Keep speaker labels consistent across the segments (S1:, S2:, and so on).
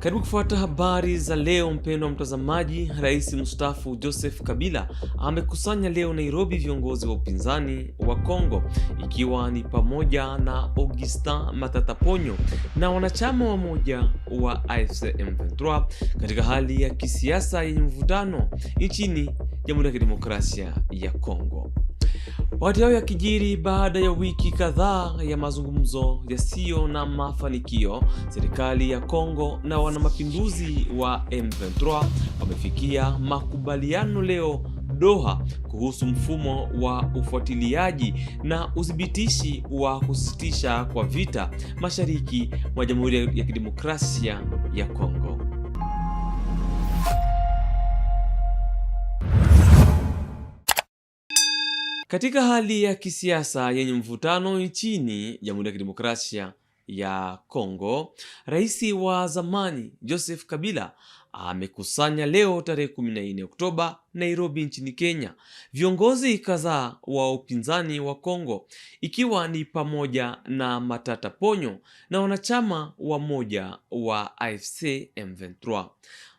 S1: Karibu kufuata habari za leo, mpendwa mtazamaji. Rais mstaafu Joseph Kabila amekusanya leo Nairobi viongozi wa upinzani wa Kongo, ikiwa ni pamoja na Augustin Matata Ponyo na wanachama wa moja wa AFC M23 katika hali ya kisiasa yenye mvutano nchini Jamhuri ya Kidemokrasia ya Kongo. Wakati hayo yakijiri baada ya wiki kadhaa ya mazungumzo yasiyo na mafanikio, serikali ya Kongo na wanamapinduzi wa M23 wamefikia makubaliano leo Doha kuhusu mfumo wa ufuatiliaji na udhibitishi wa kusitisha kwa vita mashariki mwa Jamhuri ya Kidemokrasia ya Kongo. Katika hali ya kisiasa yenye mvutano nchini Jamhuri ya Kidemokrasia ya Kongo, rais wa zamani Joseph Kabila amekusanya leo tarehe 14 Oktoba Nairobi nchini Kenya viongozi kadhaa wa upinzani wa Kongo ikiwa ni pamoja na Matata Ponyo na wanachama wa moja wa AFC M23.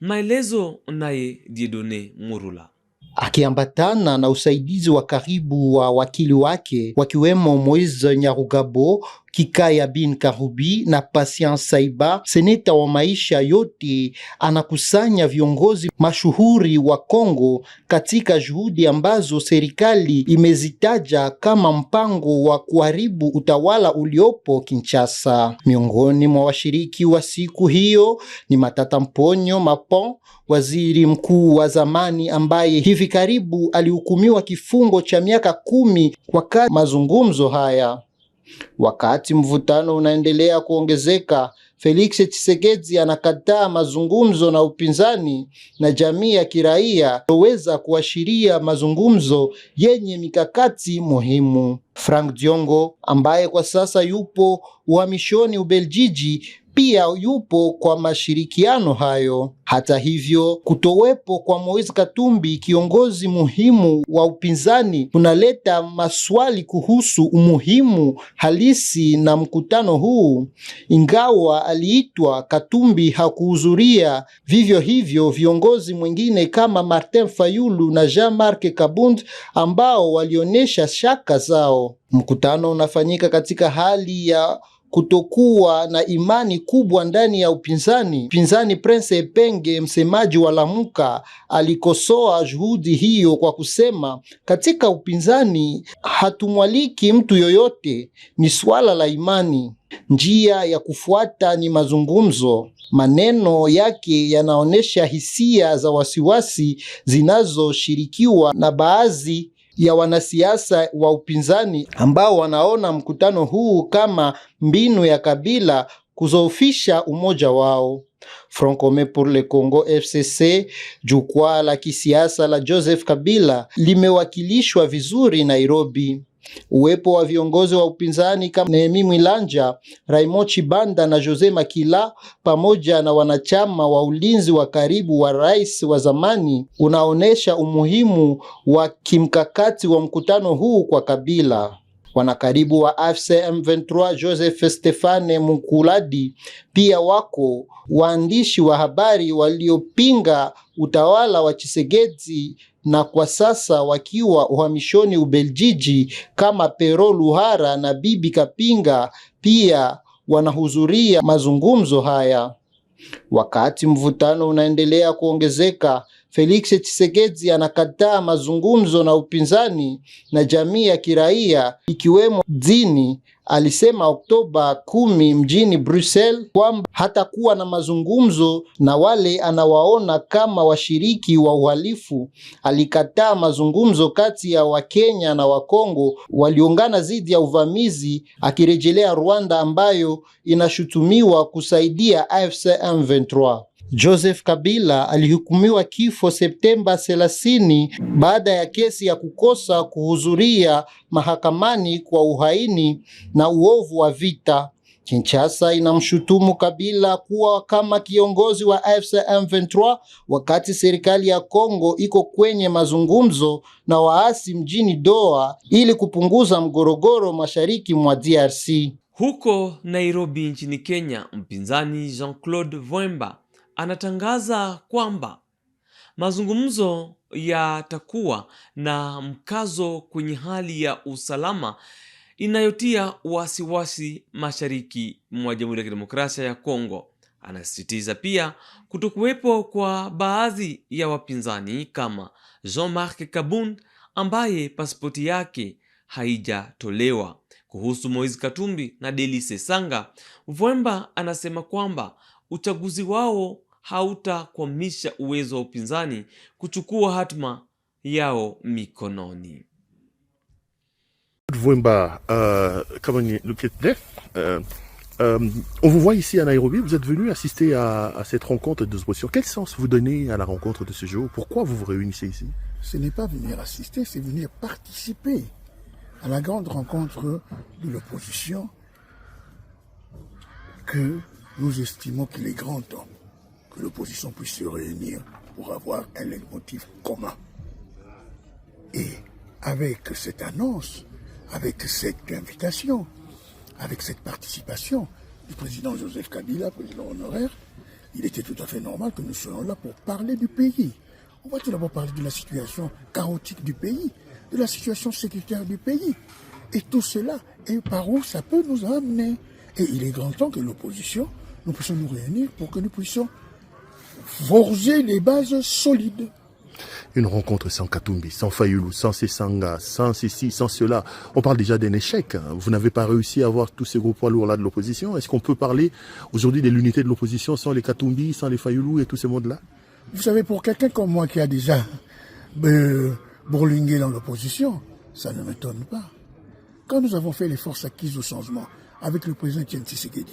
S1: Maelezo naye Diedone Murula
S2: akiambatana na usaidizi wa karibu wa wakili wake wakiwemo Moise Nyarugabo Kikaya bin Karubi na Patient Saiba, seneta wa maisha yote, anakusanya viongozi mashuhuri wa Kongo katika juhudi ambazo serikali imezitaja kama mpango wa kuharibu utawala uliopo Kinshasa. Miongoni mwa washiriki wa siku hiyo ni Matata Mponyo Mapon, waziri mkuu wa zamani ambaye hivi karibu alihukumiwa kifungo cha miaka kumi wakati mazungumzo haya. Wakati mvutano unaendelea kuongezeka, Felix Tshisekedi anakataa mazungumzo na upinzani na jamii ya kiraia weza kuashiria mazungumzo yenye mikakati muhimu. Frank Diongo ambaye kwa sasa yupo uhamishoni Ubeljiji pia yupo kwa mashirikiano hayo. Hata hivyo, kutowepo kwa Moise Katumbi, kiongozi muhimu wa upinzani, kunaleta maswali kuhusu umuhimu halisi na mkutano huu. Ingawa aliitwa, Katumbi hakuhudhuria. Vivyo hivyo, viongozi mwingine kama Martin Fayulu na Jean-Marc Kabund ambao walionyesha shaka zao. Mkutano unafanyika katika hali ya kutokuwa na imani kubwa ndani ya upinzani. Upinzani Prince Epenge, msemaji wa Lamuka, alikosoa juhudi hiyo kwa kusema, katika upinzani hatumwaliki mtu yoyote, ni swala la imani. Njia ya kufuata ni mazungumzo. Maneno yake yanaonyesha hisia za wasiwasi zinazoshirikiwa na baadhi ya wanasiasa wa upinzani ambao wanaona mkutano huu kama mbinu ya Kabila kuzoofisha umoja wao. Front Commun pour le Congo FCC, jukwaa la kisiasa la Joseph Kabila, limewakilishwa vizuri Nairobi. Uwepo wa viongozi wa upinzani kama Nehemi Mwilanja, Raimochi Chibanda na Jose Makila pamoja na wanachama wa ulinzi wa karibu wa rais wa zamani unaonesha umuhimu wa kimkakati wa mkutano huu kwa Kabila. Wanakaribu wa AFC M23 Joseph Stefane Mukuladi pia wako waandishi wa habari waliopinga utawala wa Chisegedzi na kwa sasa wakiwa uhamishoni Ubeljiji kama Pero Luhara na Bibi Kapinga pia wanahudhuria mazungumzo haya. Wakati mvutano unaendelea kuongezeka Felix Tshisekedi anakataa mazungumzo na upinzani na jamii ya kiraia ikiwemo dini. Alisema Oktoba kumi mjini Brussels kwamba hatakuwa na mazungumzo na wale anawaona kama washiriki wa uhalifu. Alikataa mazungumzo kati ya Wakenya na Wakongo waliungana dhidi ya uvamizi, akirejelea Rwanda ambayo inashutumiwa kusaidia AFC M23. Joseph Kabila alihukumiwa kifo Septemba 30 baada ya kesi ya kukosa kuhudhuria mahakamani kwa uhaini na uovu wa vita. Kinshasa inamshutumu Kabila kuwa kama kiongozi wa AFC M23 wakati serikali ya Kongo iko kwenye mazungumzo na waasi mjini Doha ili kupunguza mgorogoro mashariki mwa DRC.
S1: Huko Nairobi nchini Kenya, mpinzani Jean-Claude Vwemba anatangaza kwamba mazungumzo yatakuwa na mkazo kwenye hali ya usalama inayotia wasiwasi mashariki mwa Jamhuri ya Kidemokrasia ya Kongo. Anasisitiza pia kutokuwepo kwa baadhi ya wapinzani kama Jean-Marc Kabund ambaye pasipoti yake haijatolewa. Kuhusu Moise Katumbi na Deli Sesanga, Vwemba anasema kwamba uchaguzi wao uwezo yao
S3: euh, euh, euh, on vous voit ici à Nairobi, vous êtes venu assister à, cette rencontre de ce Quel sens vous donnez à la rencontre de ce jour Pourquoi vous vous réunissez ici
S4: Ce n'est pas venir assister, c'est venir participer à la grande rencontre de l'opposition que nous estimons qu'il est grand temps que l'opposition puisse se réunir pour avoir un leitmotiv commun. Et avec cette annonce, avec cette invitation, avec cette participation du président Joseph Kabila, président honoraire, il était tout à fait normal que nous soyons là pour parler du pays. On va tout d'abord parler de la situation chaotique du pays, de la situation sécuritaire du pays. Et tout cela, et par où ça peut nous amener. Et il est grand temps que l'opposition, nous puissions nous réunir pour que nous puissions forger les bases solides.
S3: Une rencontre sans Katumbi, sans Fayoulou, sans Sessanga, sans ceci, sans cela. On parle déjà d'un échec. Vous n'avez pas réussi à avoir tous ces gros poids lourds-là de l'opposition. Est-ce qu'on peut parler aujourd'hui de l'unité de l'opposition sans les Katumbi, sans les Fayoulou et tous ces mondes-là
S4: Vous savez, pour quelqu'un comme moi qui a déjà euh, bourlingué dans l'opposition, ça ne m'étonne pas. Quand nous avons fait les forces acquises au changement avec le président Tiens Tshisekedi,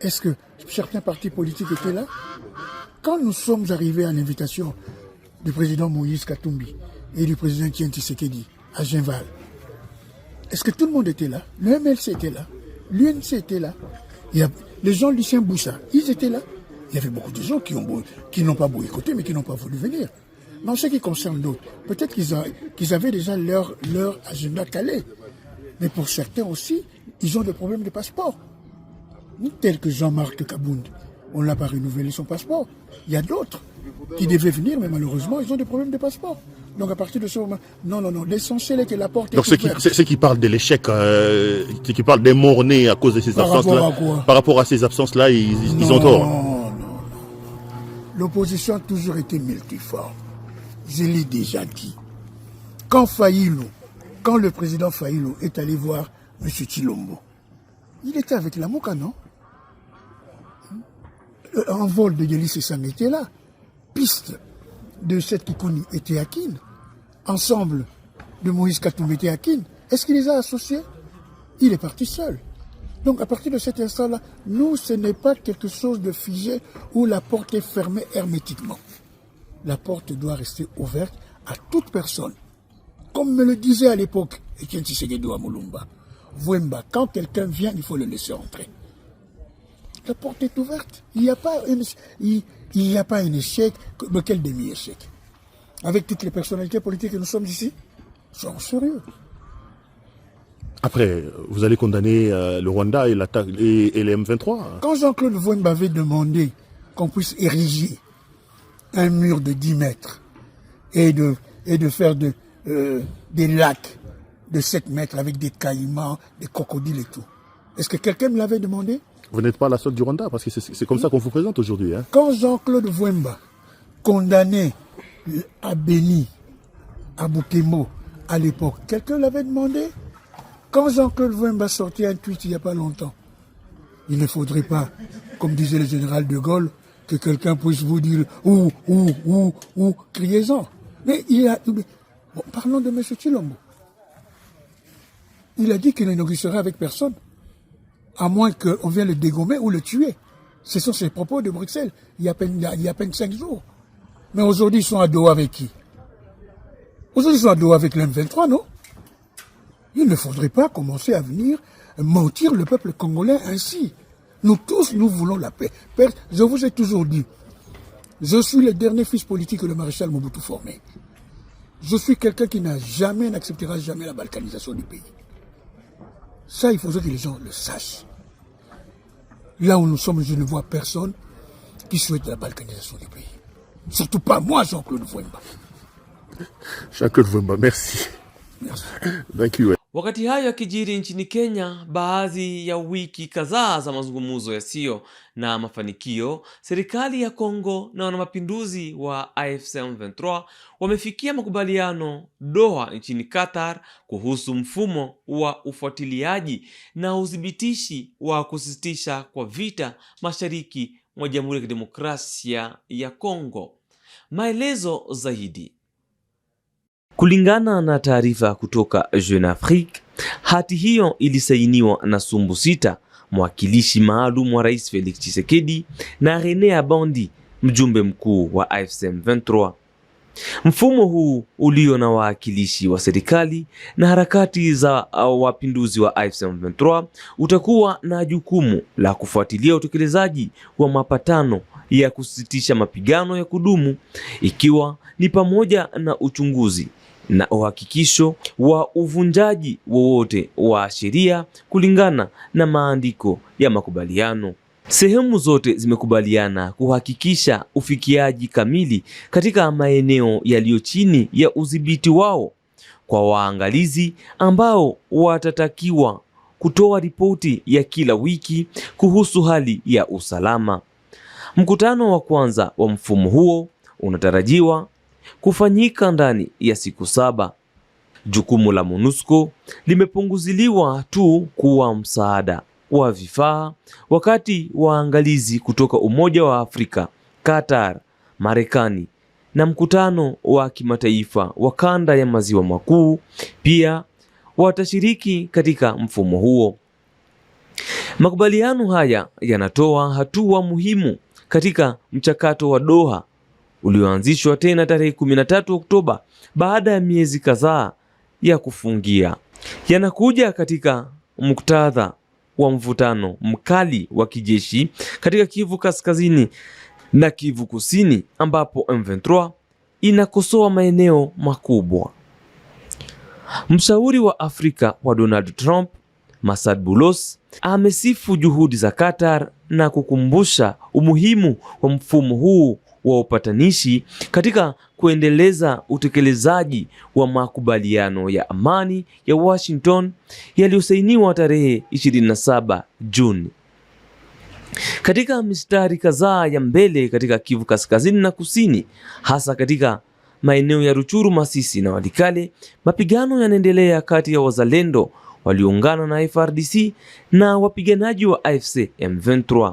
S4: est-ce que certains partis politiques étaient là Quand nous sommes arrivés à l'invitation du président Moïse Katumbi et du président Tien Tshisekedi à Genval, est-ce que tout le monde était là Le MLC était là, l'UNC était là, il les gens Lucien Boussa, ils étaient là. Il y avait beaucoup de gens qui n'ont qui pas boycotté, mais qui n'ont pas voulu venir. Mais en ce qui concerne d'autres, peut-être qu'ils avaient déjà leur, leur agenda calé. Mais pour certains aussi, ils ont des problèmes de passeport tel que Jean-Marc Kabound, on ne l'a pas renouvelé son passeport. Il y a d'autres qui devaient venir, mais malheureusement, ils ont des problèmes de passeport. Donc à partir de ce moment, non, non, non, l'essentiel est que la porte
S3: Donc est Donc ceux qui parlent de l'échec, euh, ceux qui parlent des morts-nés à cause de ces absences-là, par rapport à ces absences-là, ils, ont tort. Non, non, non.
S4: L'opposition a toujours été multiforme. Je l'ai déjà dit. Quand Faïlo, quand le président Faïlo est allé voir M. Chilombo, il était avec la Mouka, non euh, vol de Yélis et Sam était là, piste de cette Kikuni était Kine, ensemble de Moïse Katoum était Kine. est-ce qu'il les a associés Il est parti seul. Donc à partir de cet instant-là, nous, ce n'est pas quelque chose de figé où la porte est fermée hermétiquement. La porte doit rester ouverte à toute personne. Comme me le disait à l'époque Etienne à Moulumba, Vouemba, quand quelqu'un vient, il faut le laisser entrer. La porte est ouverte. Il n'y a pas il, a pas un échec, mais quel demi-échec Avec toutes les personnalités politiques que nous sommes ici, sommes sérieux.
S3: Après, vous allez condamner euh, le Rwanda et, l'attaque et les M23 hein.
S4: Quand Jean-Claude Vaughan m'avait demandé qu'on puisse ériger un mur de 10 mètres et de, et de faire de, euh, des lacs de 7 mètres avec des caïmans, des crocodiles et tout, est-ce que quelqu'un me l'avait demandé
S3: vous n'êtes pas la seule du Rwanda, parce que c'est comme ça qu'on vous présente aujourd'hui. Hein.
S4: Quand Jean-Claude Wemba, condamné à euh, Béni, à à l'époque, quelqu'un l'avait demandé Quand Jean-Claude Wemba sortait un tweet il n'y a pas longtemps, il ne faudrait pas, comme disait le général de Gaulle, que quelqu'un puisse vous dire ou, ou, ou, ou, criez-en. Mais il a. Bon, parlons de M. Chilombo. Il a dit qu'il négocierait avec personne à moins qu'on vienne le dégommer ou le tuer. Ce sont ces propos de Bruxelles, il y a à peine, il y a peine cinq jours. Mais aujourd'hui, ils sont à dos avec qui Aujourd'hui, ils sont à dos avec lm 23 non Il ne faudrait pas commencer à venir mentir le peuple congolais ainsi. Nous tous, nous voulons la paix. Je vous ai toujours dit, je suis le dernier fils politique que le maréchal Mobutu formé. Je suis quelqu'un qui n'a jamais, n'acceptera jamais la balkanisation du pays. Ça, il faudrait que les gens le sachent. Là où nous sommes, je ne vois personne qui souhaite la balkanisation du pays. Surtout pas moi, Jean-Claude Vouemba.
S3: Jean-Claude Vouemba, merci. Merci.
S1: Wakati hayo yakijiri nchini Kenya, baadhi ya wiki kadhaa za mazungumzo yasiyo na mafanikio, serikali ya congo na wanamapinduzi wa AFC M23 wamefikia makubaliano Doha nchini Qatar kuhusu mfumo wa ufuatiliaji na udhibitishi wa kusisitisha kwa vita mashariki mwa Jamhuri ya Kidemokrasia ya congo Maelezo zaidi Kulingana na taarifa kutoka Jeune Afrique, hati hiyo ilisainiwa na Sumbu Sita, mwakilishi maalum wa Rais Felix Tshisekedi na Rene abondi mjumbe mkuu wa AFC M23. Mfumo huu ulio na wawakilishi wa serikali na harakati za wapinduzi wa AFC M23 utakuwa na jukumu la kufuatilia utekelezaji wa mapatano ya kusitisha mapigano ya kudumu ikiwa ni pamoja na uchunguzi na uhakikisho wa uvunjaji wowote wa sheria kulingana na maandiko ya makubaliano. Sehemu zote zimekubaliana kuhakikisha ufikiaji kamili katika maeneo yaliyo chini ya udhibiti wao kwa waangalizi ambao watatakiwa kutoa ripoti ya kila wiki kuhusu hali ya usalama. Mkutano wa kwanza wa mfumo huo unatarajiwa kufanyika ndani ya siku saba. Jukumu la MONUSCO limepunguziliwa tu kuwa msaada wa vifaa, wakati waangalizi kutoka Umoja wa Afrika, Qatar, Marekani na mkutano wa kimataifa wa kanda ya maziwa makuu pia watashiriki katika mfumo huo. Makubaliano haya yanatoa hatua muhimu katika mchakato wa Doha ulioanzishwa tena tarehe 13 Oktoba baada ya miezi kadhaa ya kufungia, yanakuja katika muktadha wa mvutano mkali wa kijeshi katika Kivu Kaskazini na Kivu Kusini ambapo M23 inakosoa maeneo makubwa. Mshauri wa Afrika wa Donald Trump, Masad Bulos, amesifu juhudi za Qatar na kukumbusha umuhimu wa mfumo huu wa upatanishi katika kuendeleza utekelezaji wa makubaliano ya amani ya Washington yaliyosainiwa tarehe 27 Juni. Katika mistari kadhaa ya mbele katika Kivu Kaskazini na Kusini, hasa katika maeneo ya Ruchuru, Masisi na Walikale, mapigano yanaendelea kati ya wazalendo walioungana na frdc na wapiganaji wa AFC M23.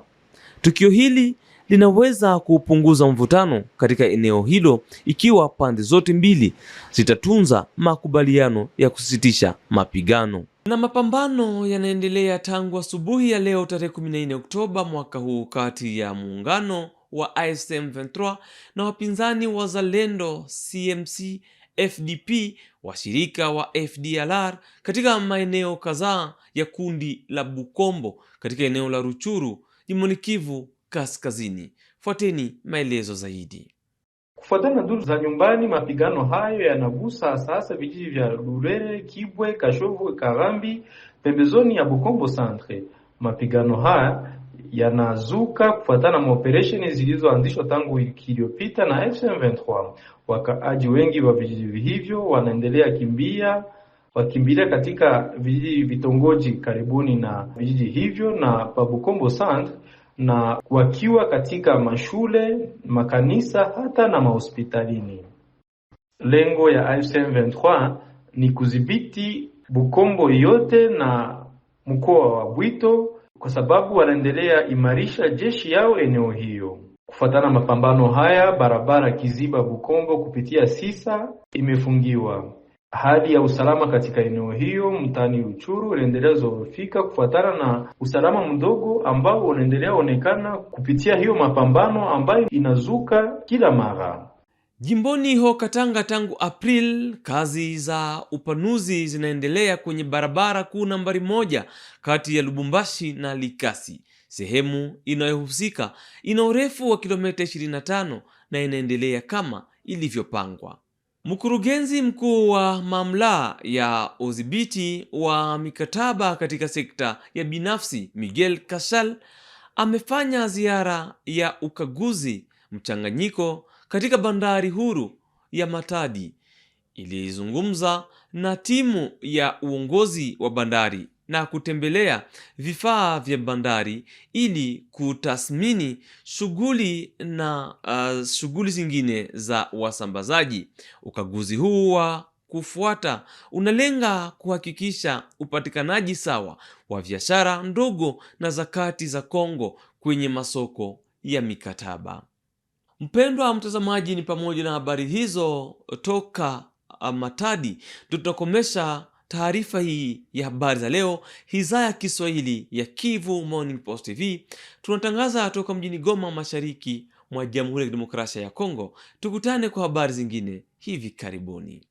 S1: Tukio hili linaweza kupunguza mvutano katika eneo hilo ikiwa pande zote mbili zitatunza makubaliano ya kusitisha mapigano. Na mapambano yanaendelea tangu asubuhi ya leo tarehe 14 Oktoba mwaka huu kati ya muungano wa M23 na wapinzani wa Zalendo CMC FDP washirika wa FDLR katika maeneo kadhaa ya kundi la Bukombo katika eneo la Ruchuru, jimboni Kivu kaskazini. Fuateni maelezo zaidi.
S5: Kufuatana na duru za nyumbani, mapigano hayo yanagusa sasa vijiji vya Rurere, Kibwe, Kashovu, Karambi pembezoni ya Bukombo Centre. Mapigano haya yanazuka kufuatana na operesheni zilizoanzishwa tangu wiki iliyopita na M23. Wakaaji wengi wa vijiji hivyo wanaendelea kimbia wakimbilia katika vijiji vitongoji karibuni na vijiji hivyo na Pabukombo Centre na wakiwa katika mashule, makanisa hata na mahospitalini. Lengo ya M23 ni kudhibiti Bukombo yote na mkoa wa Bwito kwa sababu wanaendelea imarisha jeshi yao eneo hiyo. Kufuatana mapambano haya, barabara Kiziba Bukombo kupitia Sisa imefungiwa. Hali ya usalama katika eneo hiyo mtaani uchuru inaendelea zofika kufuatana na usalama mdogo ambao unaendelea onekana kupitia hiyo mapambano ambayo inazuka kila mara
S1: jimboni ho Katanga. Tangu April, kazi za upanuzi zinaendelea kwenye barabara kuu nambari moja kati ya Lubumbashi na Likasi. Sehemu inayohusika ina urefu wa kilomita 25 na inaendelea kama ilivyopangwa. Mkurugenzi mkuu wa mamlaka ya udhibiti wa mikataba katika sekta ya binafsi, Miguel Casal, amefanya ziara ya ukaguzi mchanganyiko katika bandari huru ya Matadi. Ilizungumza na timu ya uongozi wa bandari na kutembelea vifaa vya bandari ili kutathmini shughuli na uh, shughuli zingine za wasambazaji. Ukaguzi huu wa kufuata unalenga kuhakikisha upatikanaji sawa wa biashara ndogo na zakati za Kongo kwenye masoko ya mikataba. Mpendwa mtazamaji, ni pamoja na habari hizo toka uh, Matadi tutakomesha taarifa hii ya habari za leo, hizaa ya Kiswahili ya Kivu Morning Post TV. Tunatangaza toka mjini Goma, mashariki mwa Jamhuri ya Kidemokrasia ya Kongo. Tukutane kwa habari zingine hivi karibuni.